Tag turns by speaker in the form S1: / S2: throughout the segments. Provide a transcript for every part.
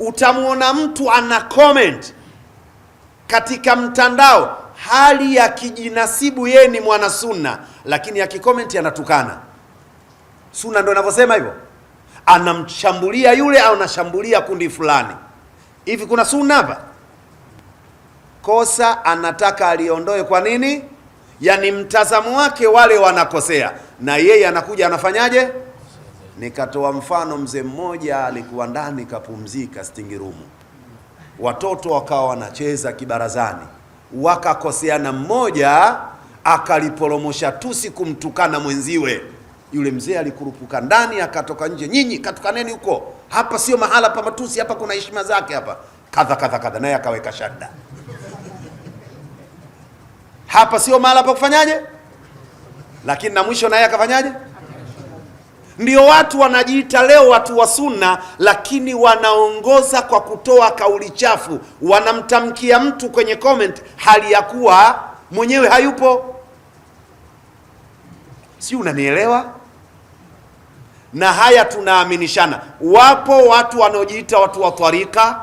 S1: utamwona mtu ana comment katika mtandao hali ya kijinasibu yeye ni mwana sunna, lakini akikomenti anatukana sunna. Ndo anavyosema hivyo, anamshambulia yule au anashambulia kundi fulani. Hivi kuna sunna hapa? Kosa anataka aliondoe. Kwa nini? Yaani mtazamo wake wale wanakosea, na yeye anakuja anafanyaje? Nikatoa mfano, mzee mmoja alikuwa ndani kapumzika stingirumu, watoto wakawa wanacheza kibarazani, wakakoseana, mmoja akalipolomosha tusi kumtukana mwenziwe. Yule mzee alikurupuka ndani, akatoka nje, nyinyi katukaneni huko, hapa sio mahala pa matusi, hapa kuna heshima zake, hapa kadha kadha kadha, naye akaweka shada, hapa sio mahala pa kufanyaje. Lakini na mwisho naye akafanyaje ndio watu wanajiita leo watu wa Sunna, lakini wanaongoza kwa kutoa kauli chafu. Wanamtamkia mtu kwenye comment hali ya kuwa mwenyewe hayupo. Si unanielewa? Na haya tunaaminishana, wapo watu wanaojiita watu wa tarika,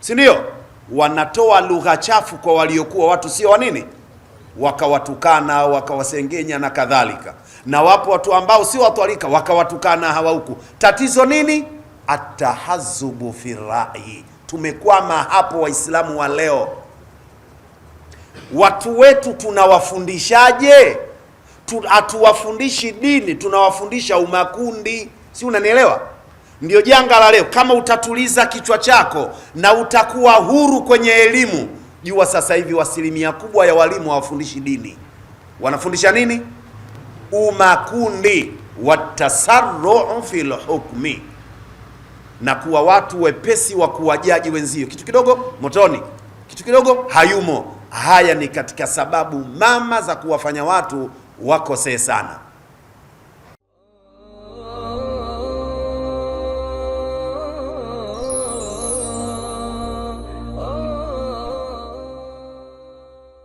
S1: si ndio? Wanatoa lugha chafu kwa waliokuwa watu sio wa nini wakawatukana wakawasengenya na kadhalika, na wapo watu ambao si watwalika wakawatukana hawa huku. Tatizo nini? Atahazubu fi rai. Tumekwama hapo, Waislamu wa leo. Watu wetu tunawafundishaje? Hatuwafundishi dini, tunawafundisha umakundi, si unanielewa? Ndio janga la leo. Kama utatuliza kichwa chako na utakuwa huru kwenye elimu Jua sasa hivi asilimia kubwa ya walimu hawafundishi dini, wanafundisha nini? Umakundi watasarruu fil hukmi, na kuwa watu wepesi wa kuwajaji wenzio, kitu kidogo motoni, kitu kidogo hayumo. Haya ni katika sababu mama za kuwafanya watu wakosee sana.